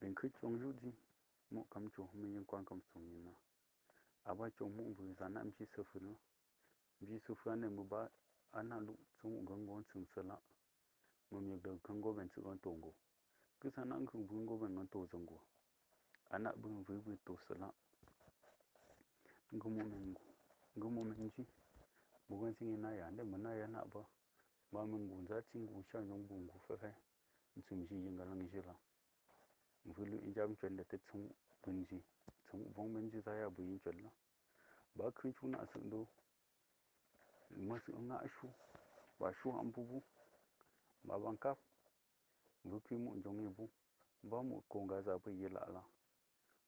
bên khi chuông rút đi, mộ cắm chủ hôm nay quan cầm sùng nhìn nó à ba chuông mộng vừa dán em chỉ sơ phun nó vì sơ phun anh em ba anh ăn lụng xong mộng gắng gón sừng sờ lạ mà miệng đầu khăn gó bèn sự con tổ ngủ cứ sáng nắng không vương gó bèn con tổ dòng ngủ anh đã bưng với với tổ sờ lạ ngô mộ mình ngô mộ mình chứ bố con sinh nay anh để mình nay anh nạ ba ba mình buồn ra chinh buồn sao nhung buồn của phải phải chúng chỉ dừng cái lăng gì lắm vulu injam cholla te tsung bunji tsung vong bunji zaya buyin cholla ba kun chuna asando masu nga ashu ba shu ambubu ba bankap buki mu jongi bu ba mu konga za bu yela ala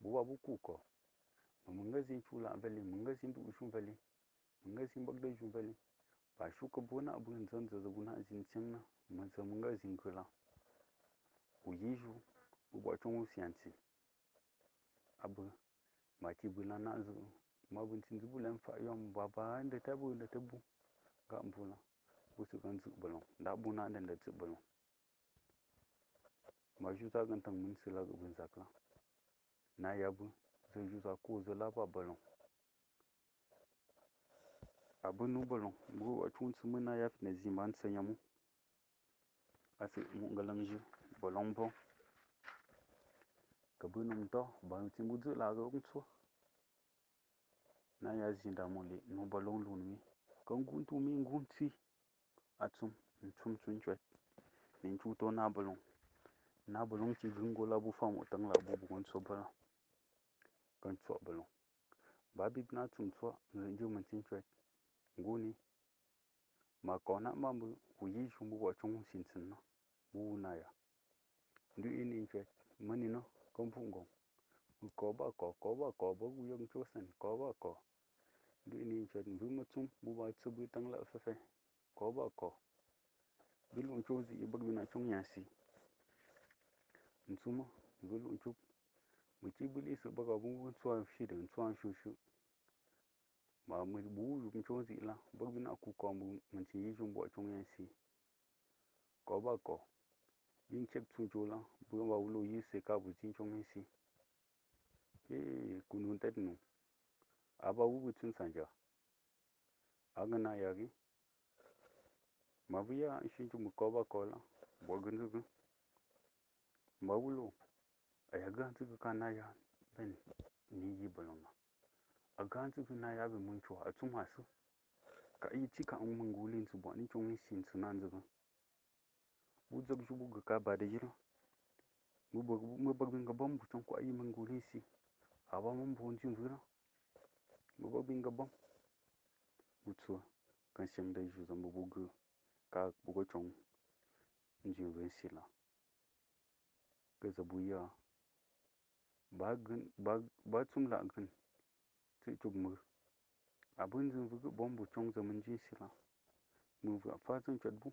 bu ba bu ku ko munga zin chula vali munga zin bu ushu vali munga zin bagda ju vali ba shu ka na abun zan zazu na zin cin na mun zan munga zin kula ku yi ju bubwatɔŋwosi aŋti abə maki vəlaŋ na'a zə'ə ma vɨnti nzɨ ɓulaŋ mfaʼ yom baba ndə ta ɓə ndəta bu ghaʼ na usɨkə nzɨʼ ɓələn nda ɓuna ndəng ndəng tsɨ ɓələn ma zhuzagən təŋmɨn sɨlagə ɓə nzakɨn naya bə zə zhuza kwo laba bələn abə nu bələn bubwatɨwun tsɨmɨn naya fina zi ma ntsənyamɨn asɨ mu nggələŋ zhi bələŋ mboŋ. Kabè nou mtò, ba yon ti mbou zèk la zèk yon tso. Naya zindamou li, nou balon loun mi. Kè yon goun tou mi, yon goun tsi. A tso, yon tso mtso yon tsoy. Nen tso tò na balon. Na balon ki vingou la bou fa mwotan la bou bou yon tso balon. Kè yon tso balon. Ba bib nan tso mtso, yon yon joun mtso yon tsoy. Gouni. Ma kò natman mbou, yon yon joun mbou wachon yon sinsen nou. Bou yon naya. Ndou yon yon tsoy. Mè ni nou. kom phung gong ko ba ko ko ba ko bo gu yong chu san ko ba ko du ni chet bu ma chung bu ba chu bu tang la phê phê, ko ba ko du lung chu zi bak bi na chung ya si nsuma du lung chu mu chi bu li su ba ga bu bu chuan shi de chuan shu shu ma mu bu yong chu zi la bak bi na ku ko mu mun chi yi chung bo chung ya si ba ko Yin chep tsun cho la, buyon ba ulo yi se ka bu tsin chong si. Ye kunun tet nu. Aba ubu tsun sanja. Aga na yagi. Mabuya shin chu mukoba kola, bogun zugu. Mawulo, ayaga zugu ka na ya ben ni yi balonga. Aga zugu na ya bi mun chua, a tsuma su. Ka yi chika un mungulin su bo ni chong sin sunan zugu. a zugu ga ka bada jino mi bag bu ayi man aba bu bag kan da ju zam bu gu ka bu chong si la ga za ya ba gun ba ba tsum la gun ti chub mu abun jin vu bom bu chong zam jin si la mu fa chat bu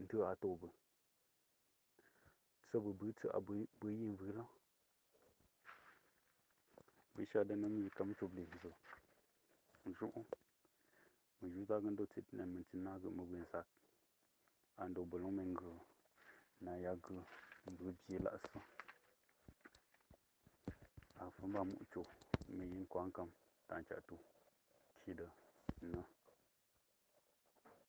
nthu a to bu so bu bu tsu a bu bu yin bu lo bu sha da nam yi kam chu bli zo zo mu ju da gan do tsit na min tsin na zo mu bin sa an do bu long men go na ya go bu ji la so a fa ba mu chu mi yin kwang kam tan cha tu chi da na no.